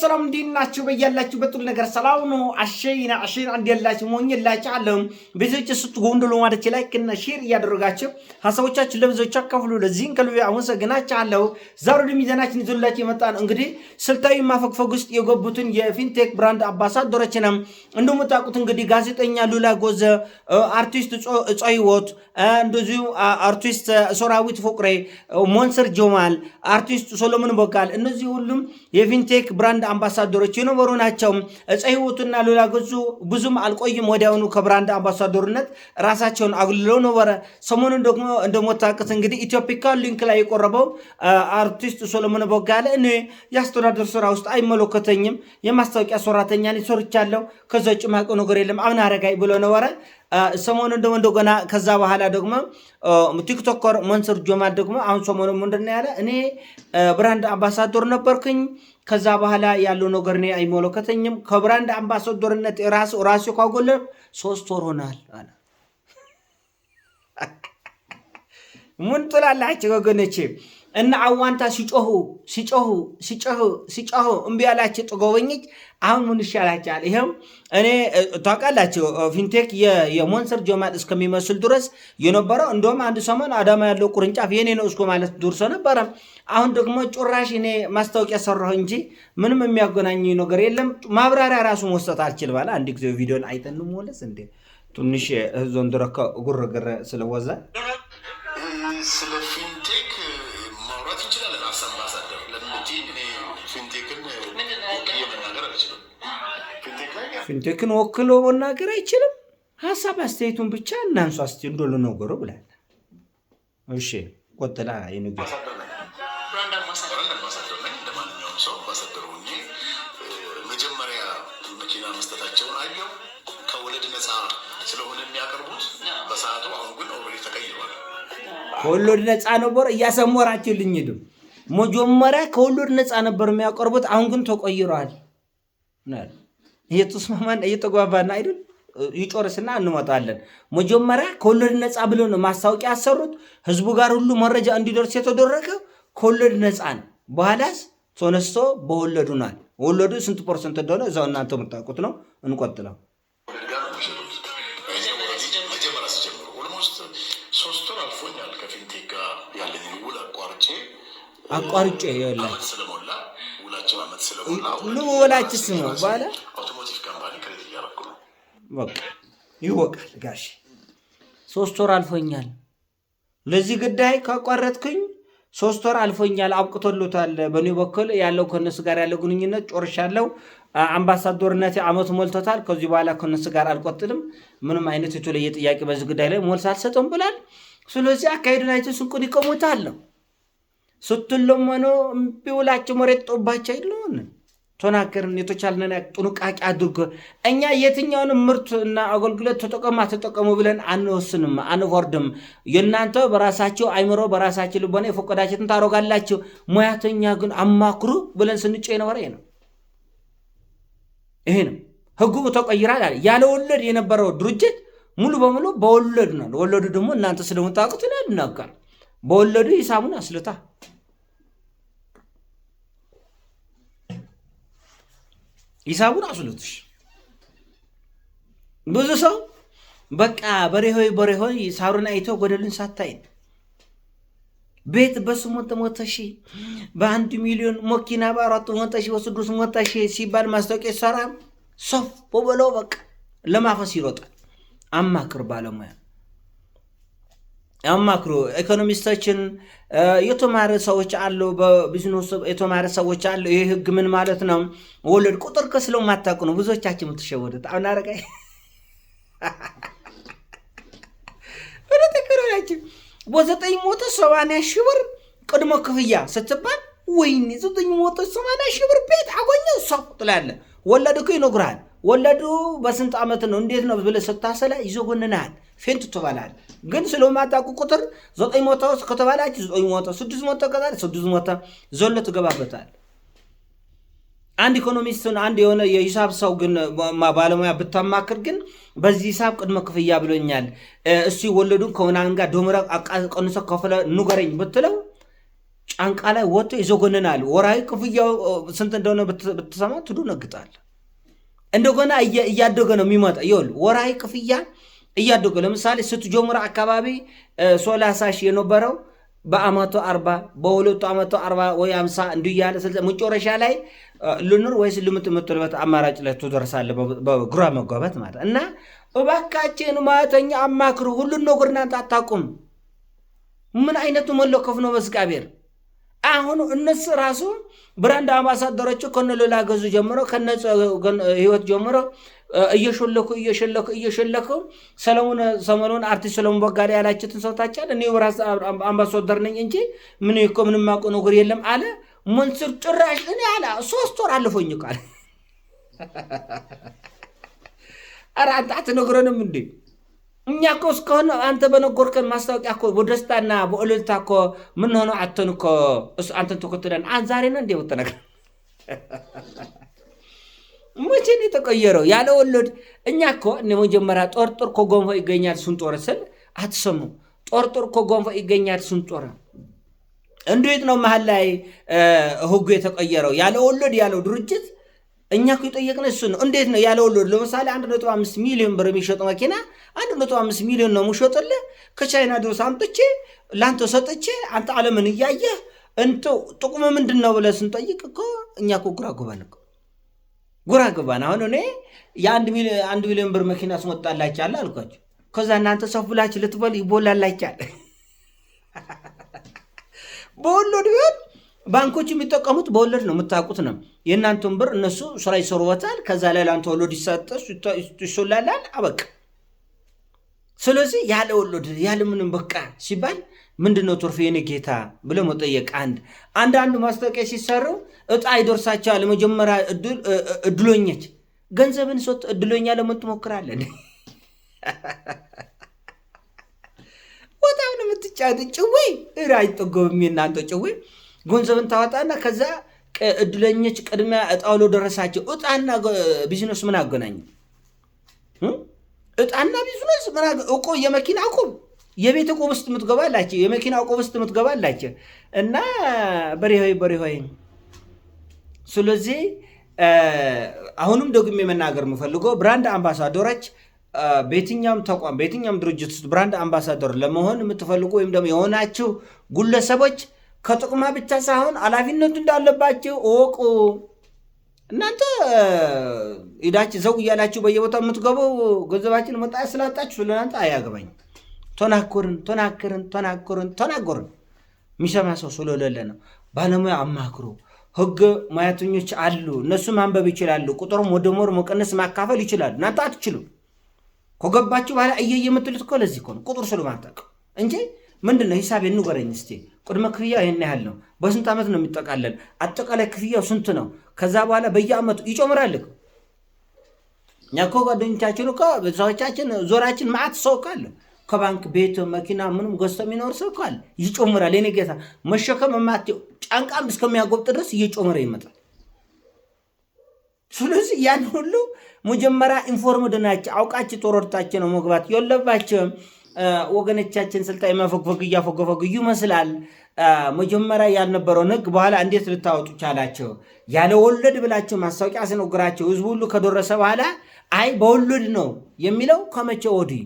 ሰላም እንዴት ናችሁ? በያላችሁበት ሁሉ ነገር ሰላም ነው። አሸይና አሸይና እንዲያላችሁ ሞኝላችሁ አለም ቤቶች ስት ጎንዶሎ ማለት ላይክ እና ሼር እያደረጋችሁ ሀሳቦቻችሁ ለብዙዎች አካፍሉ። ለዚህን ከልብ አመሰግናችኋለሁ። ዛሬ ደግሞ ይዘናችን ይዞላችሁ የመጣን እንግዲህ ስልታዊ ማፈግፈግ ውስጥ የገቡትን የፊንቴክ ብራንድ አምባሳደሮች ነው። እንደምታውቁት እንግዲህ ጋዜጠኛ ሉላ ጎዘ፣ አርቲስት እፀ ሕይወት፣ እንደዚሁ አርቲስት ሶራዊት ፎቅሬ፣ ሞንሰር ጆማል፣ አርቲስት ሶሎሞን ቦጋል እነዚህ ሁሉም የፊንቴክ ብራንድ ብራንድ አምባሳደሮች የነበሩ ናቸው። ዕፀ ሕይወቱና ሉላ ገዙ ብዙም አልቆይም፣ ወዲያውኑ ከብራንድ አምባሳደርነት ራሳቸውን አግልለው ነበረ። ሰሞኑን ደግሞ እንደሞታቅት እንግዲህ ኢትዮፒካ ሊንክ ላይ የቆረበው አርቲስት ሶሎሞን ቦጋለ እኔ የአስተዳደር ስራ ውስጥ አይመለከተኝም፣ የማስታወቂያ ሰራተኛ ሰርቻለሁ፣ ከዛ ጭማቀ ነገር የለም አብን አረጋይ ብሎ ነበረ። ሰሞኑ ደግሞ እንደገና ከዛ በኋላ ደግሞ ቲክቶከር መንስር ጀማል ደግሞ አሁን ሰሞኑ ምንድን ያለ? እኔ ብራንድ አምባሳዶር ነበርክኝ ከዛ በኋላ ያለው ነገር እኔ አይመለከተኝም። ከብራንድ አምባሳዶርነት ራሱ ራሱ ካጎለ ሶስት ወር ሆናል አለ። ምን ትላላችሁ ወገኖቼ? እነ አዋንታ ሲጮሁ ሲጮሁ ሲጮሁ ሲጮሁ እምቢ ያላቸው ጥጎበኞች አሁን ምን ይሻላቸዋል? ይሄም እኔ ታውቃላቸው ፊንቴክ የሞንሰር ጆማል እስከሚመስል ድረስ የነበረው እንደውም አንድ ሰሞን አዳማ ያለው ቁርንጫፍ የኔ ነው እስኮ ማለት ደርሶ ነበረ። አሁን ደግሞ ጭራሽ እኔ ማስታወቂያ ሰራሁ እንጂ ምንም የሚያገናኝ ነገር የለም። ማብራሪያ ራሱ መስጠት አልችል ባለ አንድ ጊዜ ቪዲዮን አይተን መለስ እንዴ ትንሽ ህዞን ጉርግር ስለወዛ ፊንቴክን ወክሎ መናገር አይችልም። ሀሳብ አስተያየቱን ብቻ እናንሱ አስ እንደሎ ነገሩ ብላል። እሺ ቆጥላ የንግር ከወሎድ አየው ከወለድ ነፃ ስለሆነ የሚያቀርቡት በሰዓቱ ነፃ ነበር እያሰሞራችሁልኝ መጀመሪያ ከወለድ ነፃ ነበር የሚያቀርቡት አሁን ግን ተቆይረዋል። እየተስማማን እየተጓባና አይደል ይጮርስና እንመጣለን። መጀመሪያ ከወለድ ነፃ ብሎ ነው ማስታወቂያ ያሰሩት። ህዝቡ ጋር ሁሉ መረጃ እንዲደርስ የተደረገ ከወለድ ነፃ ነው። በኋላስ ተነስቶ በወለዱ ናል። ወለዱ ስንት ፐርሰንት እንደሆነ እዛው እናንተ የምታውቁት ነው። እንቆጥለው አቋርጬ ይላል ስለሞላ ውላችን አመት ነው በኋላ ይወቃል ጋሽ ሶስት ወር አልፎኛል። ለዚህ ግዳይ ካቋረጥኩኝ ሶስት ወር አልፎኛል። አብቅቶሎታል። በእኔ በኩል ያለው ከነሱ ጋር ያለው ግንኙነት ጮርሻለው። አምባሳዶርነት አመቱ ሞልቶታል። ከዚህ በኋላ ከነሱ ጋር አልቆጥልም። ምንም አይነት የተለየ ጥያቄ በዚህ ጉዳይ ላይ ሞልስ አልሰጠም ብላል። ስለዚህ አካሄዱን አይቶ ስንቁን ይቆሙታል ነው እምቢ ውላቸው መሬት ጦባቸው አይለሆንም ተናገርን የተቻለን ጥንቃቄ አድርጎ እኛ የትኛውን ምርት እና አገልግሎት ተጠቀሙ አተጠቀሙ ብለን አንወስንም፣ አንወርድም። የእናንተ በራሳቸው አይምሮ በራሳቸው ልቦና የፈቀዳችሁትን ታደርጋላችሁ። ሙያተኛ ግን አማክሩ ብለን ስንጮ የነበረ ይሄ ነው። ይሄ ነው ህጉ ተቀይራል አለ። ያለ ወለድ የነበረው ድርጅት ሙሉ በሙሉ በወለዱ ነው። ወለዱ ደግሞ እናንተ ስለምታውቁት ይናል እናጋር በወለዱ ሂሳቡን አስልታ ሂሳቡ ራሱ ልትሽ ብዙ ሰው በቃ በሬሆይ በሬሆይ ሳሩን አይቶ ጎደሉን ሳታይ ቤት በስምንት መቶ ሺ በአንድ ሚሊዮን መኪና በአራት መቶ ሺ በስድስት መቶ ሺ ሲባል ማስታወቂያ ይሰራል። ሶፍ በበለው በቃ ለማፈስ ይሮጣል። አማክር ባለሙያ ያማክሩ ኢኮኖሚስቶችን የተማረ ሰዎች አሉ፣ በቢዝነስ የተማረ ሰዎች አሉ። ይህ ህግ ምን ማለት ነው? ወለድ ቁጥር ከስለ ማታውቁ ነው ብዙዎቻችን የምትሸወዱት። አሁን አረጋይ ወደ ተከራያችን በዘጠኝ ሞተ ሰማንያ ሺህ ብር ቅድመ ክፍያ ስትባል ወይኔ ዘጠኝ ሞተ ሰማንያ ሺህ ብር ቤት አጎኘ ሰው ትላለ። ወለድ እኮ ይነግርሃል። ወለዱ በስንት ዓመት ነው እንዴት ነው ብለህ ስታሰላ ይዞ ጎንናሃል ፌንቱ ትበላል። ግን ስለማታውቁ ቁጥር ዘጠኝ ሞተ ከተባላችሁ ዘጠኝ ሞተ፣ ስድስት ሞተ ከዛ ስድስት ሞተ ዘሎ ትገባበታል። አንድ ኢኮኖሚስትን አንድ የሆነ የሂሳብ ሰው ግን ባለሙያ ብታማክር ግን በዚህ ሂሳብ ቅድመ ክፍያ ብሎኛል፣ እሱ ወለዱን ከምናምን ጋር ዶምረ ቀንሶ ከፍለ ንገረኝ ብትለው ጫንቃ ላይ ወጥቶ ይዘጎንናል። ወራዊ ክፍያው ስንት እንደሆነ ብትሰማ ትዱ ነግጣል። እንደገና እያደገ ነው የሚመጣ ይኸውልህ ወራዊ ክፍያ እያደገ ለምሳሌ ስትጀምር አካባቢ ሶላሳ ሺህ የነበረው በአመቶ አርባ በሁለቱ አመቶ አርባ ወይ አምሳ እንዲህ እያለ ስልሳ መጨረሻ ላይ ልኑር ወይስ ልምት የምትልበት አማራጭ ላይ ትደርሳለ በግራ መጓበት ማለት እና እባካችን ማተኛ አማክሩ። ሁሉን ነገር እናንተ አታውቁም። ምን አይነቱ መለከፍ ነው? በእግዚአብሔር አሁን እነሱ ራሱ ብራንድ አምባሳደሮቹ ከነ ሌላ ገዙ ጀምሮ ከነ ህይወት ጀምሮ እየሾለኩ እየሸለኩ እየሸለኩ ሰለሞን ሰሞኑን አርቲስት ሰለሞን ቦጋሌ ያላችትን ሰው ታጫል። እኔ ራስ አምባሳደር ነኝ እንጂ ምን እኮ ምንም ማቆ ነገር የለም አለ መንስር። ጭራሽ እኔ አለ ሶስት ወር አልፎኝ ቃል ኧረ አንተ አትነግረንም እንዴ? እኛ እኮ እስከሆነ አንተ በነጎርከን ማስታወቂያ እኮ በደስታና በእልልታ እኮ ምንሆነ አተን እኮ አንተን ተኮትለን ዛሬ ነው እንዴ ወተነገር መቼ ነው የተቀየረው? ያለ ወለድ እኛ እኮ መጀመሪያ ጦርጦር እኮ ይገኛል ስንጦር ስል አትሰሙ። ጦርጦር እኮ ይገኛል ስንጦር እንዴት ነው መሀል ላይ ህጉ የተቀየረው? ያለ ወለድ ያለው ድርጅት እኛ እኮ የጠየቅነው እሱን ነው። እንዴት ነው ያለ ወለድ? ለምሳሌ 1.5 ሚሊዮን ብር የሚሸጡ መኪና 1.5 ሚሊዮን ነው የምሸጥልህ። ከቻይና ድረስ አምጥቼ ለአንተ ሰጥቼ አንተ ዓለምን እያየህ እንትን ጥቅሙ ምንድን ነው ብለህ ስንጠይቅ እኮ እኛ እኮ ግራ ጎበን እኮ ጉራ ገባን። አሁን እኔ የአንድ ሚሊዮን ብር መኪና ስሞጣላችኋለሁ አልኳቸው። ከዛ እናንተ ሰፍ ብላችሁ ልትበሉ ይቦላላችኋል። በወለድ ቢሆን ባንኮች የሚጠቀሙት በወለድ ነው፣ የምታውቁት ነው። የእናንተን ብር እነሱ ስራ ይሰሩበታል። ከዛ ላይ ለአንተ ወለድ ይሰጠ ይሶላላል። አበቃ። ስለዚህ ያለ ወለድ ያለ ምንም በቃ ሲባል ምንድን ነው ትርፍ የኔ ጌታ ብሎ መጠየቅ። አንድ አንዳንዱ ማስታወቂያ ሲሰሩ እጣ ይደርሳቸዋል። መጀመሪያ እድሎኞች ገንዘብን ሰጥ እድሎኛ ለምን ትሞክራለን? በጣም ነው የምትጫወት ጭዌ ራጅ ጠጎብሚ እናንተ ጭዌ ገንዘብን ታወጣና ከዛ እድለኞች ቅድሚያ እጣውሎ ደረሳቸው። እጣና ቢዝነስ ምን አገናኝ? እጣና ቢዝነስ እቆ የመኪና አቁም የቤት ቁብ ውስጥ የምትገባ አላቸው፣ የመኪና ቁብ ውስጥ የምትገባ አላቸው እና በሬሆይ በሬሆይ። ስለዚህ አሁንም ደግሜ መናገር የምፈልገው ብራንድ አምባሳደሮች በየትኛውም ተቋም በየትኛውም ድርጅት ውስጥ ብራንድ አምባሳደር ለመሆን የምትፈልጉ ወይም ደግሞ የሆናችሁ ግለሰቦች ከጥቅማ ብቻ ሳይሆን ኃላፊነቱ እንዳለባችሁ እወቁ። እናንተ ሂዳች ዘው እያላችሁ በየቦታው የምትገቡ ገንዘባችን መጣ ስላጣችሁ ስለናንተ አያገባኝ። ተናኮርን ተናከርን ተናኮርን ተናጎርን የሚሰማ ሰው ስለሌለ ነው። ባለሙያ አማክሮ ህግ ሙያተኞች አሉ፣ እነሱ ማንበብ ይችላሉ። ቁጥር ወደሞር መቀነስ፣ ማካፈል ይችላሉ። እናንተ አትችሉም። ከገባችሁ በኋላ እየየ የምትሉት እኮ ለዚህ ከሆነ ቁጥር ስለማታውቅ እንጂ ምንድን ነው ሂሳብ ንገረኝ እስቲ። ቅድመ ክፍያው ይህን ያህል ነው። በስንት ዓመት ነው የሚጠቃለን? አጠቃላይ ክፍያው ስንት ነው? ከዛ በኋላ በየአመቱ ይጨምራል። እኛ እኮ ጓደኞቻችን እኮ ሰዎቻችን ዞራችን ማዕት ሰው እኮ አለ ከባንክ ቤት መኪና ምንም ገዝቶ የሚኖር ሰው ካለ ይጨምራል። የኔ ጌታ መሸከም ማቴው ጫንቃም እስከሚያጎብጥ ድረስ እየጨመረ ይመጣል። ስለዚህ ያን ሁሉ መጀመሪያ ኢንፎርምድ ናቸው አውቃቸው ተሮድታችሁ ነው መግባት የለባችሁም። ወገኖቻችን ስልጣን የመፈግፈግ እያፈገፈግ ይመስላል። መጀመሪያ ያልነበረውን ንግ በኋላ እንዴት ልታወጡ ቻላቸው? ያለ ወለድ ብላቸው ማስታወቂያ ስነግራቸው ህዝቡ ሁሉ ከደረሰ በኋላ አይ በወለድ ነው የሚለው ከመቼ ወዲህ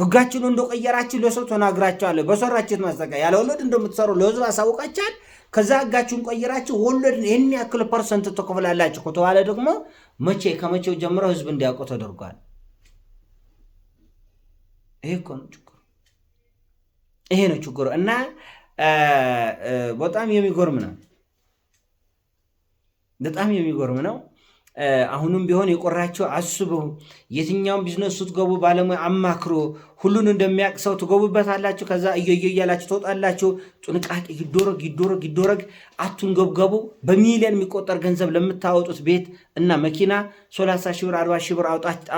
ሕጋችን እንደቀየራችሁ ለሰው ተናግራችኋለሁ። በሰራችሁት ማስጠንቀቂያ ያለ ወለድ እንደምትሰሩ ለህዝብ አሳውቃችኋል። ከዛ ህጋችሁን ቀይራችሁ ወለድ ይህን ያክል ፐርሰንት ትከፍላላችሁ ከተባለ ደግሞ መቼ ከመቼው ጀምረው ህዝብ እንዲያውቁ ተደርጓል። ይሄ እኮ ነው ችግሩ። ይሄ ነው ችግሩ እና በጣም የሚጎርም ነው። በጣም የሚጎርም ነው። አሁንም ቢሆን የቆራቸው አስቡ። የትኛውን ቢዝነስ ስትገቡ ባለሙያ አማክሮ ሁሉን እንደሚያውቅ ሰው ትገቡበታላችሁ። ከዛ እየየ እያላችሁ ትወጣላችሁ። ጥንቃቄ ይደረግ ይደረግ ይደረግ። አትንገብገቡ። በሚሊዮን የሚቆጠር ገንዘብ ለምታወጡት ቤት እና መኪና ሰላሳ ሺህ ብር አርባ ሺህ ብር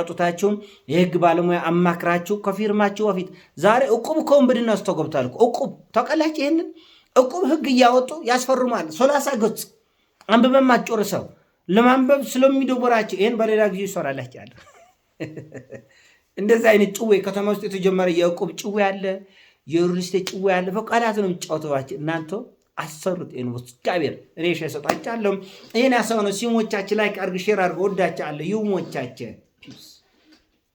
አውጡታችሁ የህግ ባለሙያ አማክራችሁ ከፊርማችሁ በፊት ዛሬ እቁብ ከወንብድና ውስጥ ተገብታል። እቁብ ታውቃላችሁ። ይህንን እቁብ ህግ እያወጡ ያስፈርማል። ሰላሳ ገጽ አንብበን ሰው ለማንበብ ስለሚደብራቸው ይህን በሌላ ጊዜ ይሰራላችኋለሁ። እንደዚህ አይነት ጭዌ ከተማ ውስጥ የተጀመረ የዕቁብ ጭዌ አለ፣ የሪልስቴት ጭዌ አለ። በቃላት ነው የሚጫወተባቸው እናንተ አሰሩት ይህን ውስጥ እግዚአብሔር እኔ ሸ ሰጣቸ ይህን ያሰው ነው ሲሞቻችን ላይ አርግ ሼር አድርገ ወዳቸ አለ ይሞቻቸ